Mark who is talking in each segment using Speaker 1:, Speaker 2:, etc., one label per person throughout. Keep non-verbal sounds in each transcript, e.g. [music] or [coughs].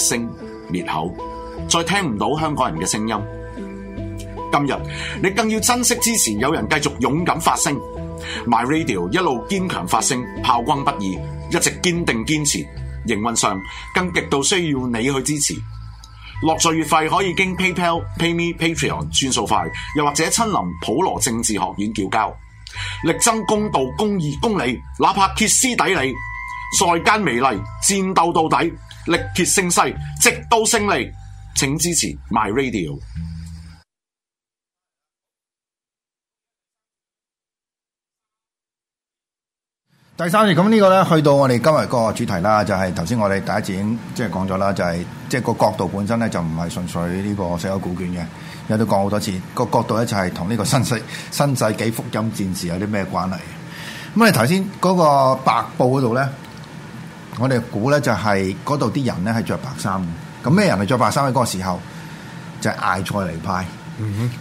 Speaker 1: 聲滅口，再聽唔到香港人嘅聲音。今日你更要珍惜支持，有人繼續勇敢發聲，My Radio 一路堅強發聲，炮轟不已，一直堅定堅持。營運上更極度需要你去支持。落稅月費可以經 PayPal、PayMe、Patreon 轉數快，又或者親臨普羅政治學院叫
Speaker 2: 交，力爭公道、公義、公理，哪怕歇斯底里，在艱美利，戰鬥到底。力竭聲勢，直到勝利。請支持 My Radio。
Speaker 1: 第三段，咁呢個咧，去到我哋今日個主題啦，就係頭先我哋第一節已經即係講咗啦，就係即係個角度本身咧就唔係純粹呢個死海古卷嘅，有都講好多次個角度咧就係同呢個新世新世紀福音戰士有啲咩關係？咁你頭先嗰個白布嗰度咧？我哋估咧就係嗰度啲人咧係着白衫嘅，咁咩人係着白衫喺嗰個時候就係、是、艾賽尼派。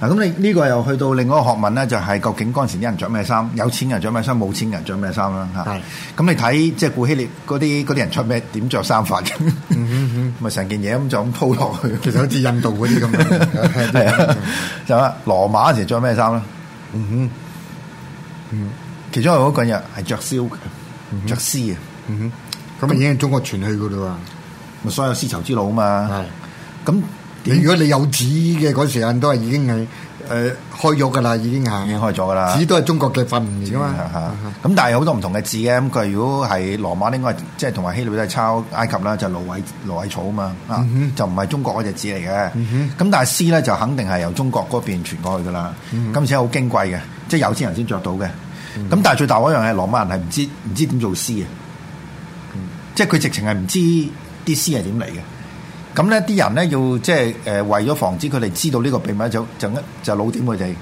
Speaker 1: 嗱咁你呢個又去到另一個學問咧，就係究竟嗰陣時啲人着咩衫？有錢人着咩衫？冇錢人着咩衫啦？嚇是！咁你睇即係古希臘嗰啲啲人出咩點着衫法？咪成件嘢咁就咁鋪落去，其實好似印度嗰啲咁樣，就話 [laughs] 羅馬嗰時著咩衫咧？嗯、哼其中有一個人係着燒嘅，著、嗯、哼絲嘅。嗯。
Speaker 2: 咁已經中國傳去噶啦、啊，咪所有絲綢之路啊嘛。咁你是如果你有紙嘅嗰陣時，都係已經係開咗噶啦，嗯、已經係開咗噶啦。紙都係中國嘅發明嚟噶嘛。咁、嗯、但係
Speaker 1: 好多唔同嘅紙嘅，咁佢如果係羅馬應該即係同埋希臘都係抄埃及啦，就蘆葦蘆葦草啊嘛。嗯、哼就唔係中國嗰隻紙嚟嘅。咁、嗯、哼但係絲咧就肯定係由中國嗰邊傳過去噶啦。咁而且好矜貴嘅，即係有錢人先着到嘅。咁、嗯、哼但係最大嗰樣係羅馬人係唔知唔知點做絲嘅。即係佢直情係唔知啲絲係點嚟嘅，咁咧啲人咧要即係誒為咗防止佢哋知道呢個秘密，就就就老點佢哋，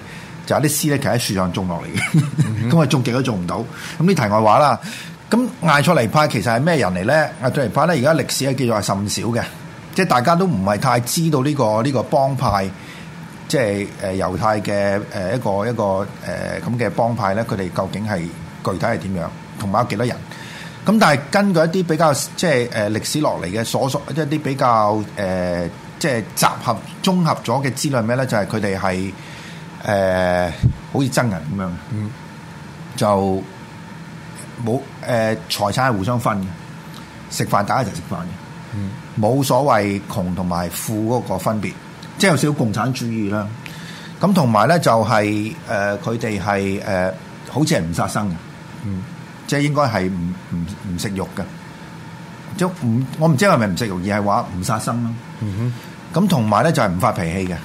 Speaker 1: 就啲絲咧其實喺樹上種落嚟嘅，咁啊、嗯嗯、 [laughs] 種極都種唔到。咁呢題外話啦，咁艾賽尼派其實係咩人嚟咧？艾賽尼派咧而家歷史係叫做係甚少嘅，即係大家都唔係太知道呢個呢個幫派，即係誒猶太嘅誒一個一個誒咁嘅幫派咧，佢哋究竟係具體係點樣，同埋有幾多人？咁但係根據一啲比較即係誒歷史落嚟嘅所屬一啲比較誒、呃、即係集合綜合咗嘅資料咩咧？就係佢哋係誒好似真人咁樣，嗯、就冇誒、呃、財產係互相分嘅，食飯大家一齊食飯嘅，冇、嗯、所謂窮同埋富嗰個分別，即、就、係、是、有少少共產主義啦。咁同埋咧就係誒佢哋係誒好似係唔殺生嘅。嗯即係應該係唔唔唔食肉嘅，即唔我唔知係咪唔食肉，而係話唔殺生咯。嗯哼，咁同埋咧就係唔發脾氣嘅。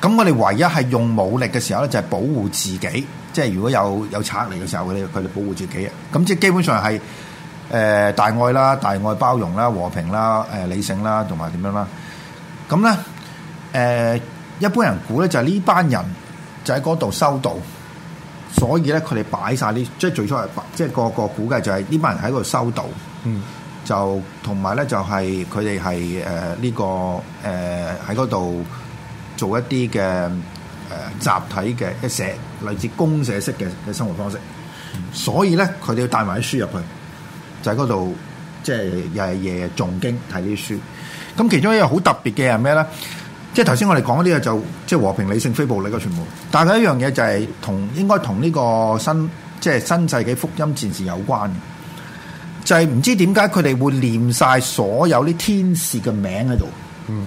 Speaker 1: 咁我哋唯一係用武力嘅時候咧，就係保護自己。即係如果有有賊嚟嘅時候，佢哋佢哋保護自己嘅。咁即係基本上係誒大愛啦、大愛包容啦、和平啦、誒理性啦，同埋點樣啦？咁咧誒一般人估咧就係呢班人就喺嗰度修道。所以咧，佢哋擺晒啲，即係最初係，即係個個估計就係呢班人喺嗰度修道，嗯、就同埋咧就係佢哋係誒呢個誒喺嗰度做一啲嘅誒集體嘅一社，類似公社式嘅嘅生活方式。嗯、所以咧，佢哋帶埋啲書入去，就喺嗰度，即係又係夜夜誦經睇啲書。咁其中一個好特別嘅係咩咧？即係頭先我哋講嗰啲嘢就即係和平理性非暴力嘅全部。但係一樣嘢就係同應該同呢個新即係新世紀福音戰士有關，就係、是、唔知點解佢哋會念晒所有啲天使嘅名喺度。嗯，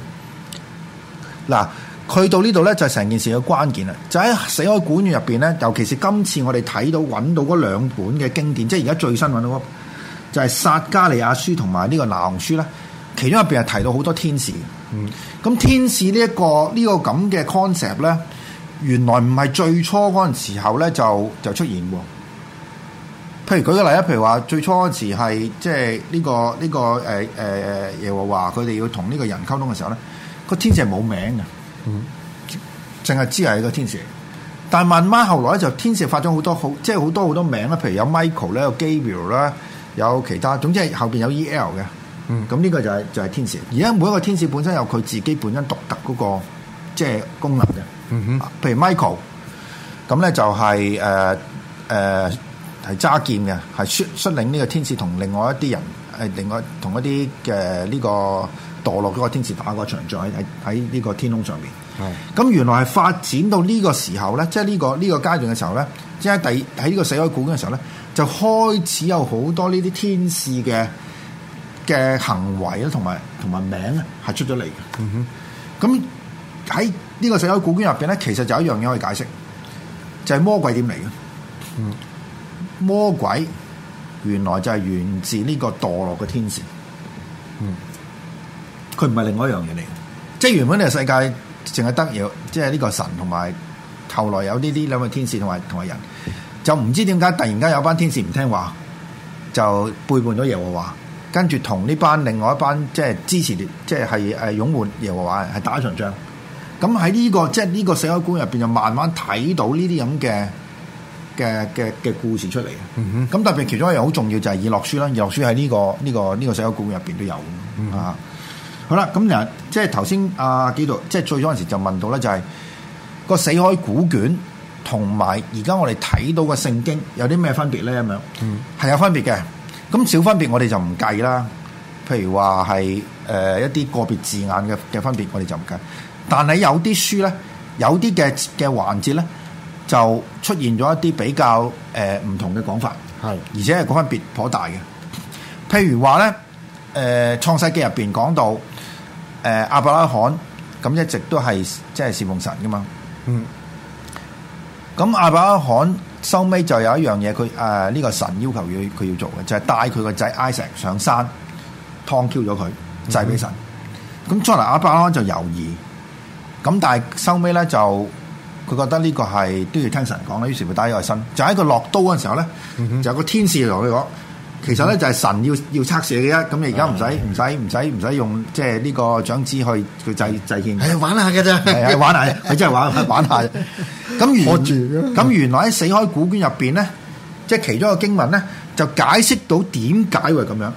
Speaker 1: 嗱，去到呢度咧就係成件事嘅關鍵啦。就喺死海古卷入邊咧，尤其是今次我哋睇到揾到嗰兩本嘅經典，即係而家最新揾到，就係、是、撒迦利亞書同埋呢個拿鴻書咧，其中入邊係提到好多天使。咁、嗯、天使呢、呢、一個呢、呢個咁嘅 concept 咧，原來唔係最初嗰陣時候咧就就出現的。譬如舉個例子，譬如話最初嗰陣時係即係呢、呢個呢、呢個誒誒耶和華佢哋要同呢個人溝通嘅時候咧，個天使係冇名嘅，嗯，淨係知係個天使。但係慢慢後來咧就天使發咗好多好，即係好多好多名啦。譬如有 Michael 咧，有 Gabriel 啦，有其他，總之係後邊有 EL 嘅。嗯，咁呢個就係、是、就是、天使，而家每一個天使本身有佢自己本身獨特嗰、那個即係、就是、功能嘅。嗯哼，譬如 Michael，咁咧就係誒誒係揸劍嘅，係率率領呢個天使同另外一啲人，另外同一啲嘅呢個墮落嗰個天使打嗰場仗喺喺呢個天空上面。係、嗯，咁原來係發展到呢個時候咧，即係呢個呢、這個階段嘅時候咧，即係第喺呢個死海古卷嘅時候咧，就開始有好多呢啲天使嘅。嘅行為咧，同埋同埋名咧，係出咗嚟嘅。哼，咁喺呢個死海古卷入邊咧，其實就有一樣嘢可以解釋，就係、是、魔鬼點嚟嘅？嗯、魔鬼原來就係源自呢個墮落嘅天使。嗯，佢唔係另外一樣嘢嚟，即係原本呢個世界淨係得有，即係呢個神同埋後來有呢啲兩個天使同埋同埋人，就唔知點解突然間有班天使唔聽話，就背叛咗耶和華。跟住同呢班另外一班即係支持，即係係誒擁護耶和華係打一場仗。咁喺呢個即係呢個死海古卷入邊，就慢慢睇到呢啲咁嘅嘅嘅嘅故事出嚟。咁特別其中一樣好重要就係以諾書啦，以諾書喺呢個呢個呢個死海古卷入邊都有。好啦，咁人即係頭先阿紀陶即係最早嗰陣時就問到咧，就係個死海古卷同埋而家我哋睇到嘅聖經有啲咩分別咧？咁樣、mm，係、hmm. 有分別嘅。咁小分別，我哋就唔計啦。譬如話係、呃、一啲個別字眼嘅嘅分別，我哋就唔計。但係有啲書咧，有啲嘅嘅環節咧，就出現咗一啲比較、呃、唔同嘅講法，係而且係個分別頗大嘅。譬如話咧，誒、呃、創世記入面講到、呃，亞伯拉罕咁一直都係即係侍奉神噶嘛，嗯。咁亞伯拉罕。收尾就有一樣嘢，佢誒呢個神要求佢佢要做嘅，就係、是、帶佢個仔 Isaac 上山，劏咗佢祭俾神。咁出嚟亞伯拉罕就猶豫。咁但係收尾咧就佢覺得呢個係都要聽神講啦，於是佢帶咗去身。就喺佢落刀嗰陣時候咧，就有個天使嚟咗。Mm hmm. 其實咧就係神要要測試嘅啫，咁你而家唔使唔使唔使唔使用即係呢個長子去去祭祭獻。係玩下嘅啫，係啊玩下，係真係玩玩下。咁原咁原來喺死海古卷入邊咧，即係其中一個經文咧，就解釋到點解會咁樣。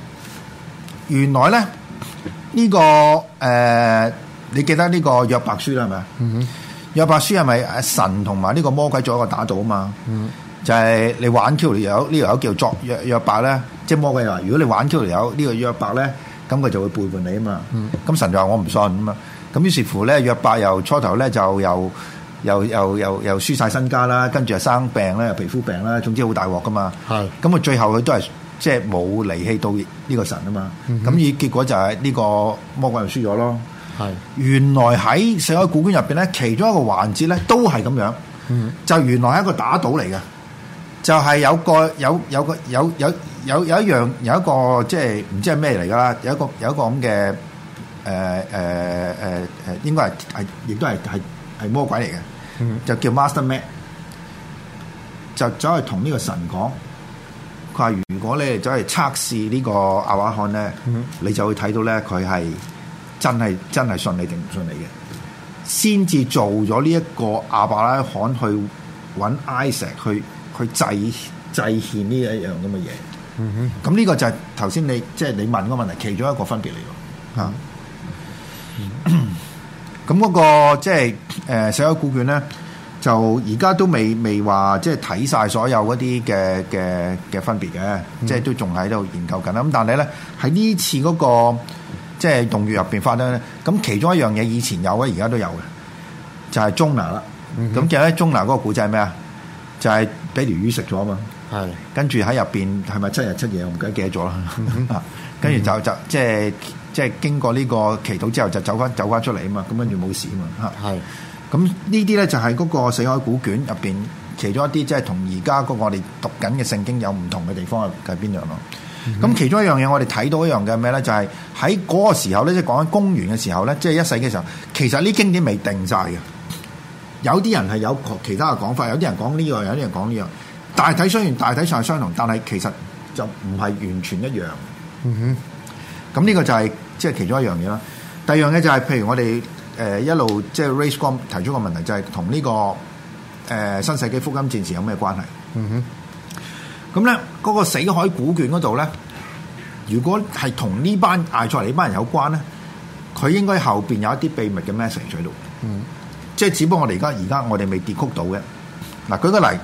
Speaker 1: 原來咧呢個呃，你記得呢個約伯書啦係咪啊？嗯哼，約伯書係咪神同埋呢個魔鬼做一個打賭啊嘛？嗯、就係你玩 Q 條友呢條友叫作約約伯咧。即係魔鬼話：如果你玩 Q 連友呢個約伯咧，咁佢就會背叛你啊嘛。咁神就話：我唔信啊嘛。咁於是乎咧，約伯又初頭咧就又又又又又輸曬身家啦，跟住又生病咧，又皮膚病啦，總之好大鑊噶嘛。係。咁佢最後佢都係即係冇離棄到呢個神啊嘛。咁而結果就係呢個魔鬼又輸咗咯。係。原來喺《死海古卷》入邊咧，其中一個環節咧都係咁樣，就原來係一個打賭嚟嘅。就係有個有有個有有有有一樣有一個即係唔知係咩嚟噶啦，有一個有一個咁嘅誒誒誒誒應該係係亦都係係係魔鬼嚟嘅，嗯、哼就叫 Master Man，就走去同呢個神講，佢話如果你走去測試呢個阿伯罕咧，嗯、哼你就會睇到咧佢係真係真係信你定唔信你嘅，先至做咗呢一個亞伯拉罕去搵 Isaac 去。去制制憲呢一樣咁嘅嘢，咁呢、mm hmm. 個就係頭先你即係、就是、你問嗰個問題，其中一個分別嚟嘅嚇。咁嗰、mm hmm. [coughs] 那個即係誒所有古卷咧，就而家都未未話即係睇晒所有嗰啲嘅嘅嘅分別嘅，即係都仲喺度研究緊啦。咁但係咧喺呢次嗰個即係洞穴入邊發生咧，咁其中一樣嘢以前有嘅，而家都有嘅，就係、是、中南啦。咁、mm hmm. 其實咧，中南嗰個古仔係咩啊？就係、是。俾條魚食咗啊嘛，
Speaker 2: 係
Speaker 1: 的，跟住喺入邊係咪七日七夜我唔記得記咗啦，跟住、 [laughs] 嗯、就就即係即係經過呢個祈禱之後就走翻走翻出嚟啊嘛，咁跟住冇事啊嘛，吓的，係的，咁呢啲咧就係嗰個死海古卷入邊其中一啲即係同而家嗰我哋讀緊嘅聖經有唔同嘅地方係係邊樣咯，咁、嗯、其中一樣嘢我哋睇到一樣嘅咩咧，就係喺嗰個時候咧，即係講緊公元嘅時候咧，即、就、係、是、一世嘅時候，其實呢經典未定晒嘅。有啲人係有其他嘅講法，有啲人講呢、呢個，有啲人講呢、呢樣。大體雖然大體上係相同，但係其實就唔係完全一樣。嗯、mm，咁、hmm. 呢個就係即係其中一樣嘢啦。第二樣咧就係、是，譬如我哋、呃、一路即係 Ray Scott 提出個問題，就係同呢個、呃、新世紀福音戰士有咩關係？嗯哼、
Speaker 2: mm。
Speaker 1: 咁咧，嗰個死海古卷嗰度咧，如果係同呢班艾賽尼呢班人有關咧，佢應該後面有一啲秘密嘅 message 喺度。嗯、mm。Hmm. 即係只不過我哋而家而家我哋未跌曲到嘅嗱，舉個例，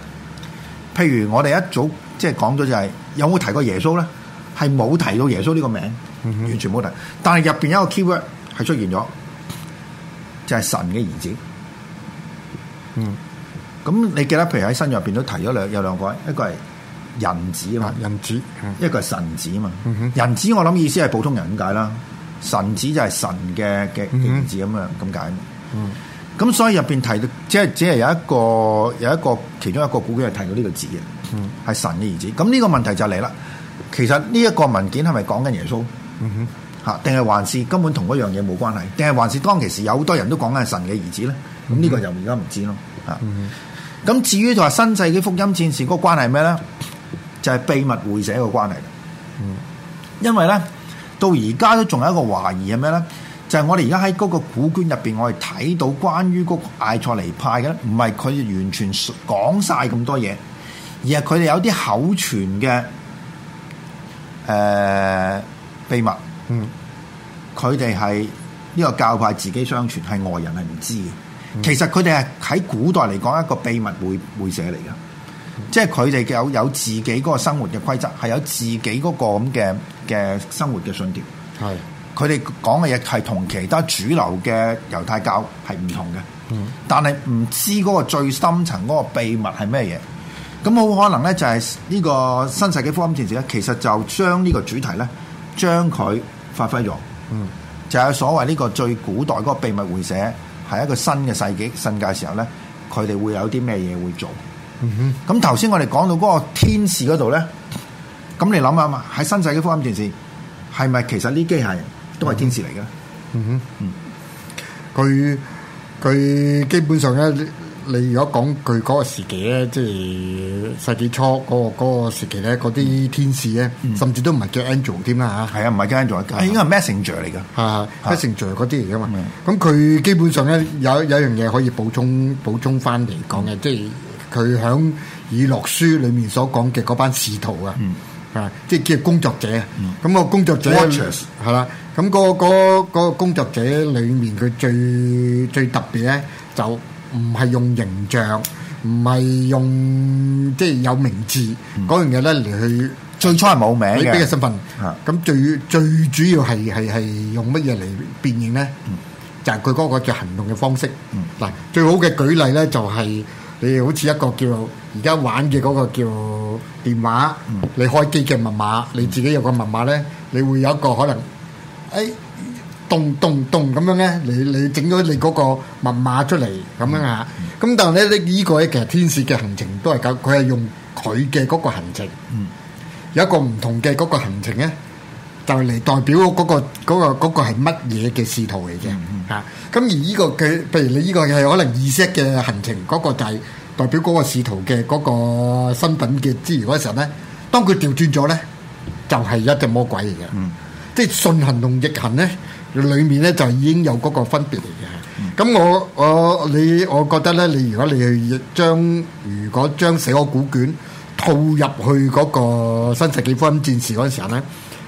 Speaker 1: 譬如我哋一早即係講咗就係、就是、有冇提過耶穌咧？係冇提到耶穌呢個名，嗯、哼完全冇提。但係入邊一個 keyword 係出現咗，就係、是、神嘅兒子。嗯，咁你記得譬如喺身入邊都提咗兩有兩個位，一個係人子啊嘛，啊人子，嗯、一個係神子啊嘛。嗯、哼人子我諗意思係普通人解啦，神子就係神嘅嘅嘅兒子咁樣咁解。嗯，哼嗯。咁所以入面提到，即係只係有一個有一個其中一個古卷係提到呢個字嘅，係、嗯、神嘅兒子。咁呢個問題就嚟啦。其實呢一個文件係咪講緊耶穌？定係、嗯、哼還,還是根本同嗰樣嘢冇關係？定係還是當其時有好多人都講緊係神嘅兒子咧？咁呢、嗯、哼個就而家唔知咯。咁、嗯、哼至於就話新世紀福音戰士嗰個關係係咩咧？就係、是、秘密會社一個關係。嗯，因為咧到而家都仲有一個懷疑係咩咧？就係我哋而家喺嗰個古卷入邊，我哋睇到關於嗰個艾賽尼派嘅，唔係佢完全講晒咁多嘢，而係佢哋有啲口傳嘅誒、呃、秘密。嗯，佢哋係呢個教派自己相傳，係外人係唔知嘅。嗯、其實佢哋係喺古代嚟講一個秘密會會社嚟嘅，即係佢哋有有自己嗰個生活嘅規則，係有自己嗰個咁嘅嘅生活嘅信條。係。佢哋講嘅嘢係同其他主流嘅猶太教係唔同嘅，嗯、但係唔知嗰個最深層嗰個秘密係咩嘢，咁好可能咧就係呢個新世紀福音電視咧，其實就將呢個主題咧，將佢發揮咗，嗯、就係所謂呢個最古代嗰個秘密會社，係一個新嘅世紀新界時候咧，佢哋會有啲咩嘢會做，咁頭先我哋講到嗰個天使嗰度咧，咁你諗下嘛，喺新世紀福音電視係咪
Speaker 2: 其實呢機械人？都係天使嚟噶，嗯哼，嗯，佢佢基本上咧，你如果講佢嗰個時期咧，即係世紀初嗰個嗰個時期咧，嗰啲天使咧，嗯、甚至都唔係叫 angel 添啦吓，係啊，唔係叫 angel，、啊、應該係、啊啊、messenger 嚟噶，吓，messenger 嗰啲嚟噶嘛，咁佢、啊、基本上咧有有一樣嘢可以補充補充翻嚟講嘅，嗯、即係佢響以諾書裏面所講嘅嗰班使徒啊。嗯啊！即係叫工作者，咁個工作者係啦，咁嗰個嗰個工作者裏面佢最最特別咧，就唔係用形象，唔係用即係有名字嗰樣嘢咧嚟去。最初係冇名嘅身份，咁最最主要係係係用乜嘢嚟辨認咧？就係佢嗰個做行動嘅方式。嗱，最好嘅舉例咧就係。你好似一個叫而家玩嘅嗰個叫電話，嗯、你開機嘅密碼，嗯、你自己有個密碼咧，嗯、你會有一個可能，誒、哎，咚咚咚咁樣咧，你你整咗你嗰個密碼出嚟咁、嗯、樣啊，咁但係咧呢個咧其實天使嘅行程都係咁，佢係用佢嘅嗰個行程，嗯、有一個唔同嘅嗰個行程咧。就嚟代表嗰、那個嗰、那個係乜嘢嘅仕途嚟嘅嚇，咁、那個 mm hmm. 而呢、這個佢，譬如你呢個係可能意識嘅行程，嗰、那個就係代表嗰個仕途嘅嗰個身份嘅資源嗰時候咧，當佢調轉咗咧，就係、是、一隻魔鬼嚟嘅，mm hmm. 即係信行同逆行咧，裏面咧就已經有嗰個分別嚟嘅，咁我我你我覺得咧，你如果你去將如果將死海古卷套入去嗰個新世紀福音戰士嗰陣時候咧。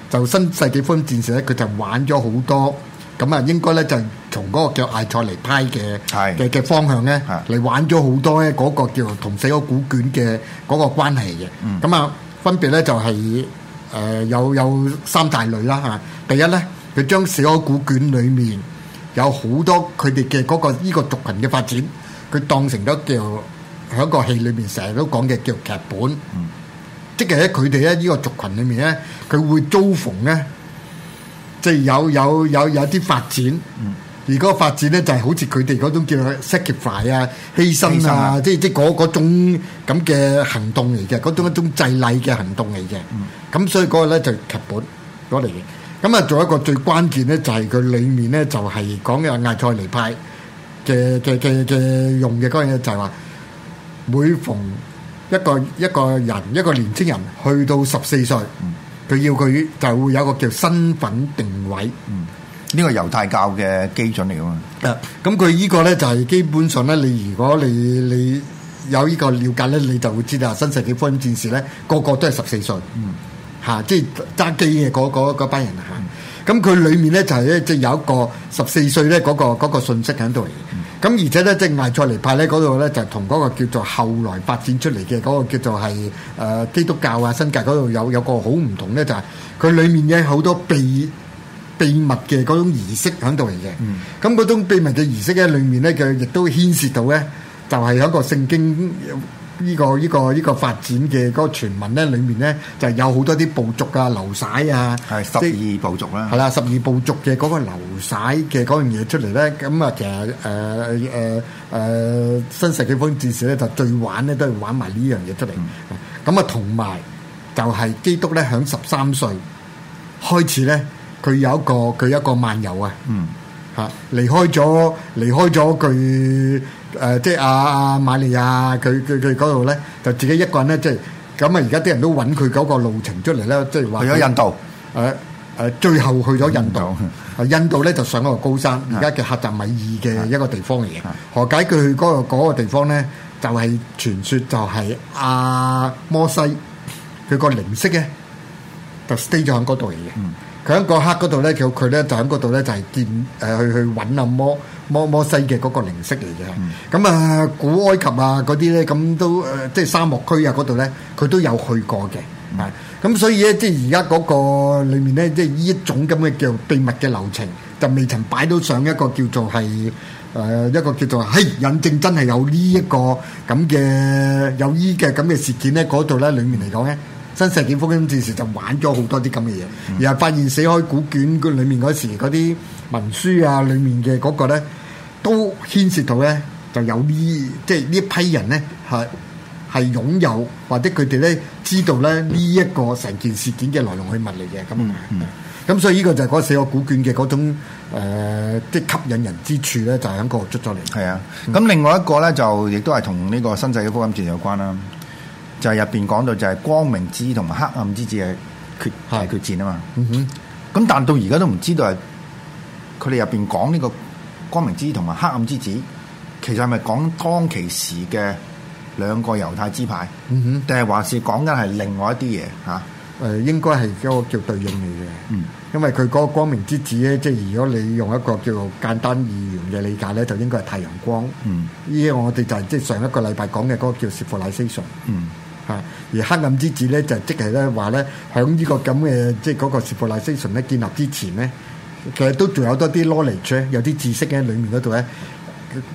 Speaker 2: 就新世紀福音戰士咧，佢就玩咗好多，咁啊，應該咧就從嗰個叫艾賽尼派嘅嘅嘅方向咧嚟玩咗好多咧，嗰個叫同《死海古卷》嘅嗰個關係嘅，咁啊、嗯、分別咧就係、是、誒、呃、有有三大類啦嚇、啊，第一咧佢將《死海古卷》裏面有好多佢哋嘅嗰個呢個族群嘅發展，佢當成咗叫喺個戲裏面成日都講嘅叫劇本。嗯即係喺佢哋咧呢個族群裏面咧，佢會遭逢咧，即係有有有有啲發展。嗯。而嗰個發展咧就係好似佢哋嗰種叫做 sacrifice 啊、犧牲啊，即係即係嗰嗰種咁嘅行動嚟嘅，嗰種一種祭禮嘅行動嚟嘅。嗯。咁所以嗰個咧就劇本攞嚟嘅。咁啊，仲有一個最關鍵咧就係佢裏面咧就係講嘅艾塞尼派嘅嘅嘅嘅用嘅嗰樣嘢就係話每逢，一個一個人一個年青人，去到十四歲，佢、嗯、要佢就會有一個叫身份定位，呢個猶太教嘅基準嚟噶嘛。咁佢呢個呢，就係、是、基本上呢，你如果你你有呢個了解呢，你就會知道新世紀福音戰士呢，個個都係十四歲，吓、嗯啊、即係揸機嘅嗰班人吓。咁、啊、佢裏面呢，就係咧即係有一個十四歲呢嗰個、那個信息喺度。嗯咁而且咧，正係艾塞尼派咧，嗰度咧就同嗰個叫做後來發展出嚟嘅嗰個叫做係誒、呃、基督教啊新界嗰度有有一個好唔同咧，就係、是、佢裏面嘅好多秘秘密嘅嗰種儀式喺度嚟嘅。咁嗰、嗯、種秘密嘅儀式咧，裏面咧佢亦都牽涉到咧，就係、是、有一個聖經。呢、這個呢、這個呢、這個發展嘅嗰個傳聞咧，裡面咧就有好多啲部族的啊、流徙啊，十二部族啦。係啦、就是，十二部族嘅嗰個流徙嘅嗰樣嘢出嚟咧，咁啊，其實誒誒誒新世紀風戰士咧，就最玩咧都係玩埋呢樣嘢出嚟。咁啊、嗯，同埋就係基督咧，響十三歲開始咧，佢有一個佢一個漫遊啊。嗯。嚇！離開咗，離開咗佢。誒，即係阿阿馬利亞，佢佢佢嗰度咧，就自己一個人咧，即係咁啊！而家啲人都揾佢嗰個路程出嚟咧，即係話去咗印度，誒誒，最後去咗印度。啊，印度咧就上嗰個高山，而家叫喀什米爾嘅一個地方嚟嘅。何解佢去嗰個嗰個地方咧？就係傳說就係阿摩西佢個靈息嘅，就 stay 咗喺嗰度嚟嘅。佢喺個黑嗰度咧，叫佢咧就喺嗰度咧就係見誒去去揾阿摩。摩摩西嘅嗰個靈識嚟嘅，咁啊、嗯、古埃及啊嗰啲咧，咁都誒即係沙漠區啊嗰度咧，佢都有去過嘅，啊咁、嗯、所以咧即係而家嗰個裏面咧，即係呢一種咁嘅叫秘密嘅流程，就未曾擺到上一個叫做係誒、呃、一個叫做係引證真係有呢一個咁嘅有意嘅咁嘅事件咧，嗰度咧裏面嚟講咧，新世紀福音戰士就玩咗好多啲咁嘅嘢，然後、嗯、發現死海古卷卷裏面嗰時嗰啲。文書啊，裡面嘅嗰個咧，都牽涉到咧，就有這這呢，即係一呢批人咧，係係擁有或者佢哋咧知道咧呢一個成件事件嘅來龍去脈嚟嘅。咁，咁、嗯嗯、所以呢個就係嗰四個古卷嘅嗰種、呃、即啲吸引人之處咧，就喺嗰個出咗嚟。係
Speaker 1: 啊，咁、嗯、另外一個咧就亦都係同呢個新世紀福音戰有關啦，就係入邊講到就係光明之同埋黑暗之子嘅決係、啊、決戰啊嘛。嗯哼，咁、嗯、但到而家都唔知道係。佢哋入邊講呢個光明之子同埋黑暗之子，其實係咪講當其時嘅兩個猶太支派？嗯哼、mm，定、hmm. 係還
Speaker 2: 是講緊係另外一啲嘢嚇？誒，應該係一個叫對應嚟嘅。嗯、mm，hmm. 因為佢嗰個光明之子咧，即如果你用一個叫做簡單二元嘅理解咧，就應該係太陽光。嗯、mm，依、hmm. 我哋就係即上一個禮拜講嘅嗰個叫 civilization。嗯，嚇，而黑暗之子咧就即係咧話咧，喺、就、呢、是、個咁嘅即係嗰個 civilization 咧建立之前咧。其實都仲有多啲 knowledge，有啲知識喺裡面嗰度咧，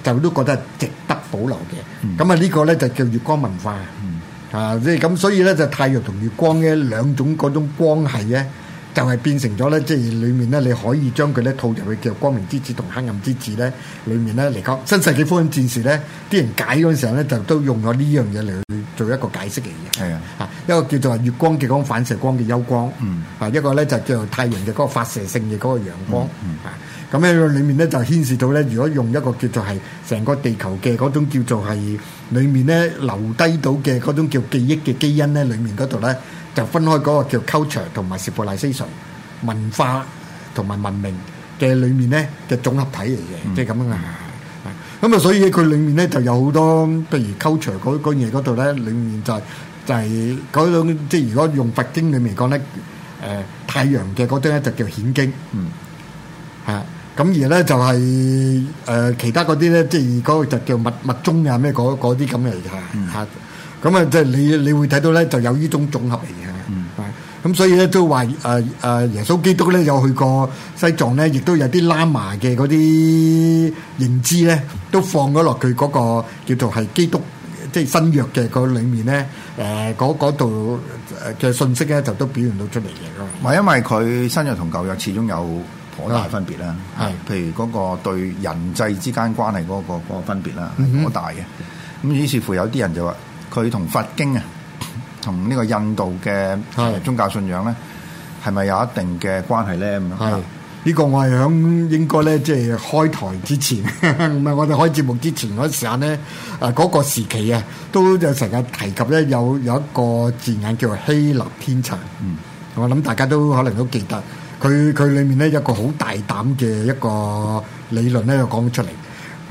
Speaker 2: 就都覺得係值得保留嘅。咁啊，呢個咧就叫月光文化、嗯、啊，即係咁，所以咧就太陽同月光咧兩種嗰種光係咧。就係變成咗咧，即係裏面咧，你可以將佢咧套入去叫光明之子同黑暗之子咧，裏面咧嚟講，《新世紀福音戰士》咧，啲人解嗰陣時候咧，就都用咗呢樣嘢嚟去做一個解釋嘅嘢。係啊，一個叫做月光嘅光反射光嘅幽光。嗯。啊，一個咧就叫做太陽嘅嗰個發射性嘅嗰個陽光。嗯。啊、嗯，咁喺裏面咧就牽涉到咧，如果用一個叫做係成個地球嘅嗰種叫做係裏面咧留低到嘅嗰種叫記憶嘅基因咧，裏面嗰度咧。就分開嗰個叫 culture 同埋 civilization 文化同埋文明嘅裏面咧嘅綜合體嚟嘅，即係咁樣嘅。咁啊，所以佢裏面咧就有好多，譬如 culture 嗰嘢嗰度咧，裏面就是、就係嗰種即係如果用佛經裏面講咧，誒、呃、太陽嘅嗰啲咧就叫顯經，嚇、嗯。咁而咧就係、是、誒、呃、其他嗰啲咧，即係嗰個就叫密密宗啊咩嗰啲咁嚟嘅嚇。咁啊，即係你你會睇到咧，就有呢種綜合嚟嘅。咁、嗯、所以咧都話誒耶穌基督咧有去過西藏咧，亦都有啲喇嘛嘅嗰啲認知咧，都放咗落佢嗰個叫做係基督即係新約嘅嗰裏面咧，誒嗰度嘅信息咧，就都表現到出嚟嘅。咪因為佢新約同舊約始
Speaker 1: 終有頗大分別啦。係、啊，譬如嗰個對人際之間關係嗰、嗰個嗰個分別啦，係頗大嘅。咁於是乎有啲人就話。佢同佛經啊，同呢個印度嘅宗教信仰咧，係咪有一定嘅關係咧？咁樣？
Speaker 2: 係，呢個我係響應該咧，即係開台之前，唔係我哋開節目之前嗰時間咧，啊嗰個時期啊，都有成日提及咧，有有一個字眼叫做希臘天才，我諗大家都可能都記得，佢佢裡面咧有一個好大膽嘅一個理論咧，就講出嚟，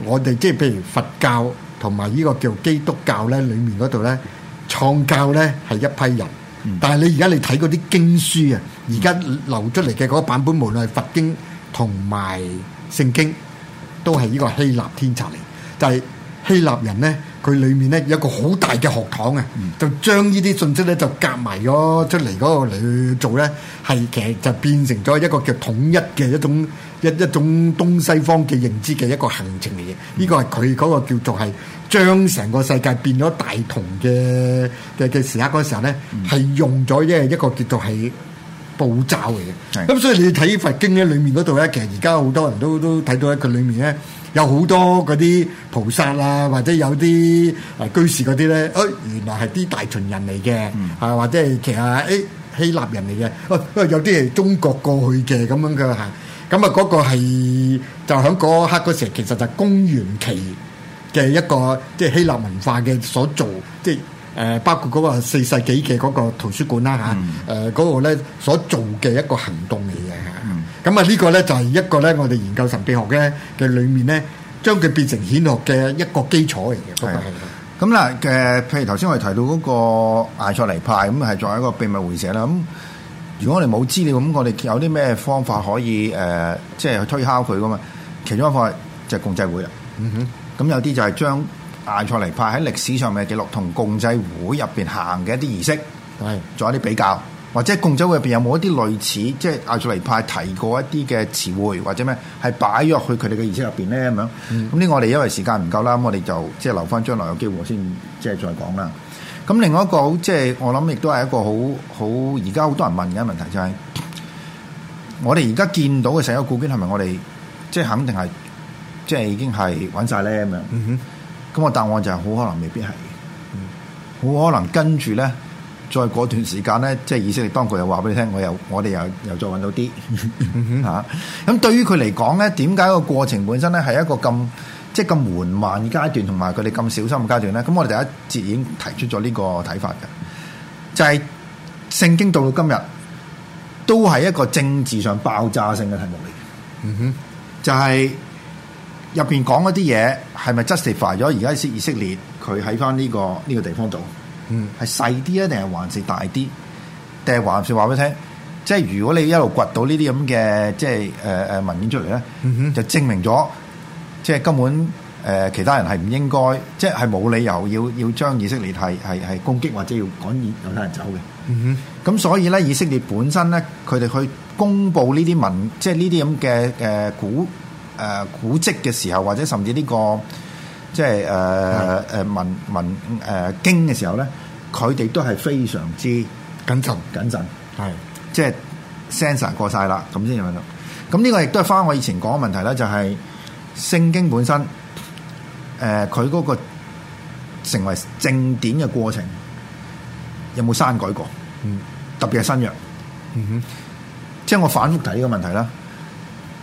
Speaker 2: 我哋即係譬如佛教。同埋呢個叫基督教咧，裡面嗰度咧創教咧係一批人，但係你而家你睇嗰啲經書啊，而家流出嚟嘅嗰個版本，無論係佛經同埋聖經，都係呢個希臘天策嚟，就係、是。希臘人咧，佢裏面咧有一個好大嘅學堂啊、嗯，就將呢啲信息咧就夾埋咗出嚟嗰個嚟去做咧，係其實就變成咗一個叫統一嘅一種一一種東西方嘅認知嘅一個行程嚟嘅。呢、嗯、個係佢嗰個叫做係將成個世界變咗大同嘅嘅嘅時刻嗰時候咧，係、嗯、用咗一一個叫做係步驟嚟嘅。咁是所以你睇佛經咧，裏面嗰度咧，其實而家好多人都都睇到喺佢裏面咧。有好多嗰啲菩薩啊，或者有啲啊居士嗰啲咧，誒原來係啲大秦人嚟嘅，啊、嗯、或者係其實誒希臘人嚟嘅，哦有啲係中國過去嘅咁樣嘅嚇，咁啊嗰個係就喺嗰刻嗰時其實就係公元期嘅一個即係希臘文化嘅所做，即係誒包括嗰個四世紀嘅嗰個圖書館啦嚇，誒嗰、嗯呃嗰個咧所做嘅一個行動嚟嘅。咁啊，呢個咧就係一個咧，我哋研究神秘學嘅嘅裏面咧，將佢變成顯學嘅一個基礎嚟嘅。係係。咁嗱，誒，譬如頭先我哋提到嗰個艾
Speaker 1: 塞尼派，咁係作為一個秘密會社啦。咁如果我哋冇資料咁，我哋有啲咩方法可以誒，即係去推敲佢噶嘛？其中一個就係共濟會啦。嗯哼。咁有啲就係將艾塞尼派喺歷史上面嘅記錄同共濟會入邊行嘅一啲儀式，係做一啲比較。或者共濟會入邊有冇一啲類似，即係艾賽尼派提過一啲嘅詞彙或者咩，係擺咗去佢哋嘅意思入邊咧咁樣？咁呢，嗯、個我哋因為時間唔夠啦，咁我哋就即係留翻將來有機會先，即係再講啦。咁另外一個即係我諗亦都係一個好好，而家好多人問嘅問題就係、是，我哋而家見到嘅成個古卷係咪我哋即係肯定係，即係已經係搵晒咧咁樣？咁、嗯、我、嗯、答案就係、是、好可能未必係，好、嗯嗯、可能跟住咧。再過段時間咧，即係以色列當局又話俾你聽，我又我哋又又再揾到啲嚇。 [laughs] 咁對於佢嚟講咧，點解個過程本身咧係一個咁即係咁緩慢階段，同埋佢哋咁小心嘅階段咧？咁我哋第一節已經提出咗呢個睇法嘅，就係聖經到到今日都係一個政治上爆炸性嘅題目嚟。
Speaker 2: 嗯
Speaker 1: 哼，就係入邊講一啲嘢係咪 justify 咗而家以色列佢喺翻呢個呢個地方度？嗯，係細啲啊，定係還是大啲？定係還是話俾你聽，即係如果你一路掘到呢啲咁嘅，即係誒誒文件出嚟咧，嗯、哼就證明咗，即係根本誒其他人係唔應該，即係冇理由要要將以色列係係係攻擊或者要趕趕其他人走嘅。嗯、哼，咁所以咧，以色列本身咧，佢哋去公布呢啲文，即係呢啲咁嘅誒古誒、呃、古蹟嘅時候，或者甚至呢、呢個。即係誒誒文文誒、呃、經嘅時候咧，佢哋都係非常之謹慎謹慎，係慎是的 即係 sensor 過晒啦，咁先咁呢個亦都係翻我以前講嘅問題咧，就係、是、聖經本身誒，佢、呃、嗰個成為正典嘅過程有冇刪改過？嗯，特別，特別係新約。哼，即係我反覆提呢個問題啦。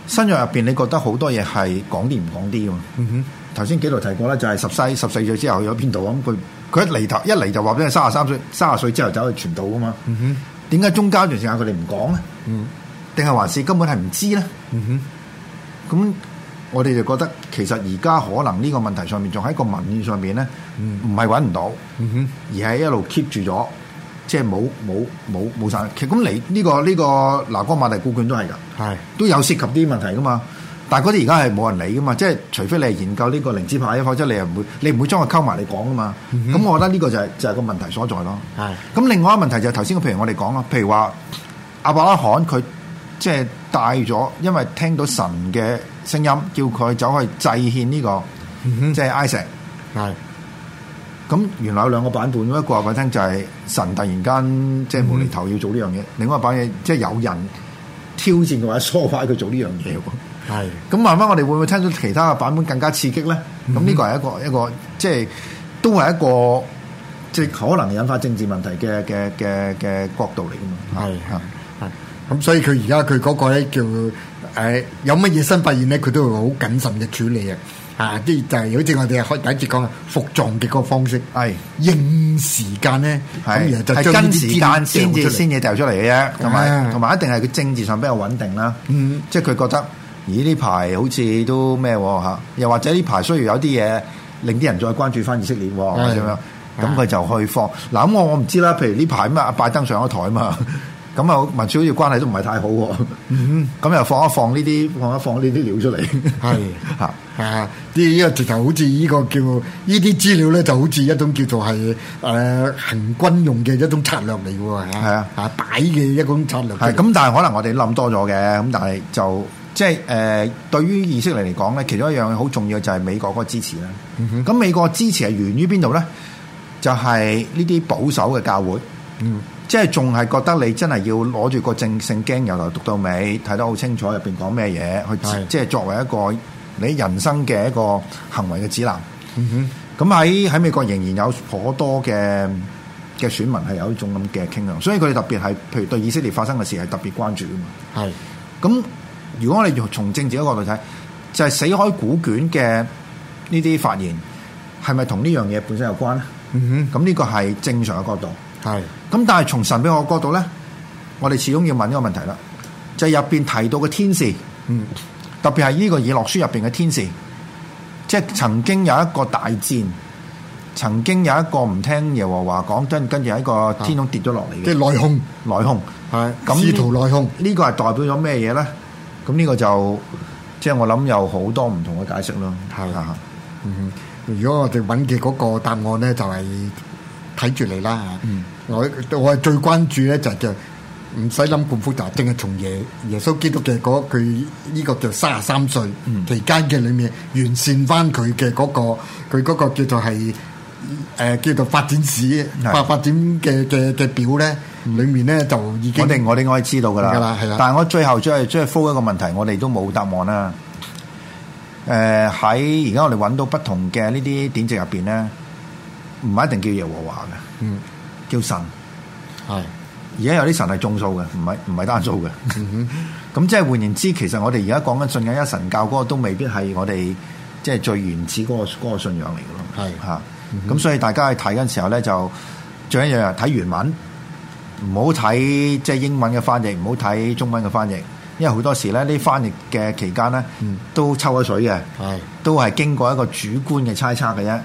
Speaker 1: 新約入邊你覺得好多嘢，係講啲唔講啲噶嘛哼。頭先幾度提過咧，就係、是、十世十四歲之後有邊度咁佢佢一嚟頭一嚟就話畀你三十三歲三十歲之後走去傳道噶嘛，點解、嗯、哼中間一段時間佢哋唔講咧？嗯，定係還,還是根本係唔知咧？嗯哼，咁我哋就覺得其實而家可能呢個問題上面仲喺個文獻上面咧，唔係搵唔到，嗯、哼而係一路 keep 住咗，即係冇冇冇冇晒。其實咁你呢、這個呢、這個嗱哥馬蒂古卷都係噶，係是都有涉及啲問題噶嘛。但嗰啲而家係冇人理噶嘛，即係除非你係研究呢個靈芝派，嘅，否則你又唔會，你唔會將佢溝埋你講噶嘛。咁、嗯、哼我覺得呢個就係、是、就係、個問題所在咯。係的。咁另外一個問題就係頭先，譬如我哋講啊，譬如話阿伯拉罕佢即係帶咗，因為聽到神嘅聲音，叫佢走去祭獻呢個，即係、嗯、<哼 >Isaac。咁的原來有兩個版本，一個話佢聽就係神突然間即係無厘頭要做呢樣嘢，嗯、哼另外一個版嘢即係有人挑戰或者唆拐佢做呢樣嘢。係，咁慢慢我哋會唔會聽到其他嘅版本更加刺激咧？咁呢、嗯、個係一個一個即係都係一個即係可能引發政治問題嘅
Speaker 2: 嘅嘅嘅角度嚟嘅嘛。係啊，係。咁是所以佢而家佢嗰個咧叫誒、呃、有乜嘢新發現咧，佢都會好謹慎嘅處理啊。啊，即係就係好似我哋可以第一節講嘅服葬嘅嗰個方式係，是應時間咧，咁是然後然後就將時間先至先
Speaker 1: 至掉出嚟嘅啫。同埋同埋一定係佢政治上比較穩定啦。嗯、即係佢覺得。咦？呢排好似都咩喎吓？又或者呢排需要有啲嘢令啲人再關注翻以色列咁樣，咁佢就去放嗱。咁、啊啊、我我唔知啦。譬如呢排咁阿拜登上咗台啊嘛，咁啊民主好似關係都唔係太好喎。咁、嗯嗯、
Speaker 2: 又放一放呢啲，放一放呢啲料出嚟。係的 [laughs] 啊，啲呢個直頭好似呢個叫呢啲資料咧，就好似一種叫做係、呃、行軍用嘅一種策略嚟喎，係的啊。擺嘅一種策略。係咁，但係可能我哋諗多咗嘅，咁但係
Speaker 1: 就。即係誒、呃，對於以色列嚟講咧，其中一樣好重要就係美國嗰個支持啦。咁、嗯、哼美國支持係源於邊度咧？就係呢啲保守嘅教會，嗯，即係仲係覺得你真係要攞住個正聖經由頭讀到尾，睇得好清楚入邊講咩嘢，去是即係作為一個你人生嘅一個行為嘅指南。
Speaker 2: 嗯、
Speaker 1: 哼，咁喺喺美國仍然有頗多嘅嘅選民係有一種咁嘅傾向，所以佢哋特別係譬如對以色列發生嘅事係特別關注㗎嘛。係咁是。如果我哋從政治一個角度睇，就係、是、死開古卷嘅呢啲發言，係咪同呢樣嘢本身有關呢、嗯、哼，咁呢個係正常嘅角度。係咁的，但係從神秘學嘅角度咧，我哋始終要問呢個問題啦。就入、是、邊提到嘅天使，嗯，特別係呢個以諾書入邊嘅天使，即係曾經有一個大戰，曾經有一個唔聽耶和華講，跟跟住一個天空跌咗落嚟嘅。即係內訌，內訌係意圖內訌呢個係代表咗咩嘢咧？
Speaker 2: 咁呢個就即係我諗有好多唔同嘅解釋啦。係啦，嗯，如果我哋揾嘅嗰個答案咧，就係睇住嚟啦。吓、嗯，我我係最關注咧，就係就唔使諗咁複雜，定係從耶耶穌基督嘅嗰佢呢個叫三十三歲期間嘅裏面完善翻佢嘅嗰個佢嗰個叫做係誒、呃、叫做發展史的發發展嘅嘅嘅表咧。裏面咧就已經我哋我哋應該知道噶啦，的的但
Speaker 1: 係我最後再再 follow 一個問題，我哋都冇答案啦。誒、呃，喺而家我哋揾到不同嘅呢啲典籍入邊咧，唔係一定叫耶和華嘅，嗯，叫神係。而家的有啲神係眾數嘅，唔係唔係單數嘅。咁即係換言之，其實我哋而家講緊信緊一神教嗰個，都未必係我哋即係最原始嗰個個信仰嚟嘅咯。係吓的，咁、嗯、哼所以大家去睇嘅時候咧，就最緊要睇原文。唔好睇即係英文嘅翻譯，唔好睇中文嘅翻譯，因為好多時咧，呢翻譯嘅期間咧，嗯，都抽咗水嘅，係的都係經過一個主觀嘅
Speaker 2: 猜測嘅啫。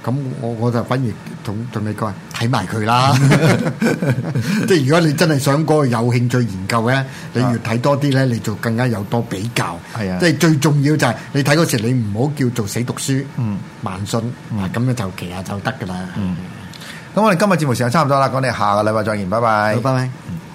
Speaker 2: 咁的的我我就反而同同你講睇埋佢啦。 [laughs] [laughs] 即係如果你真係想嗰個有興趣研究咧，你越睇多啲咧，你就更加有多比較。係啊的，即係最重要就係你睇嗰時，你唔好叫做死讀書，嗯，盲信啊，咁咧、嗯、就其實就得噶啦。嗯咁我哋今日節目時間差唔多啦，咁
Speaker 1: 我哋下個禮拜再見，拜拜。好，拜拜。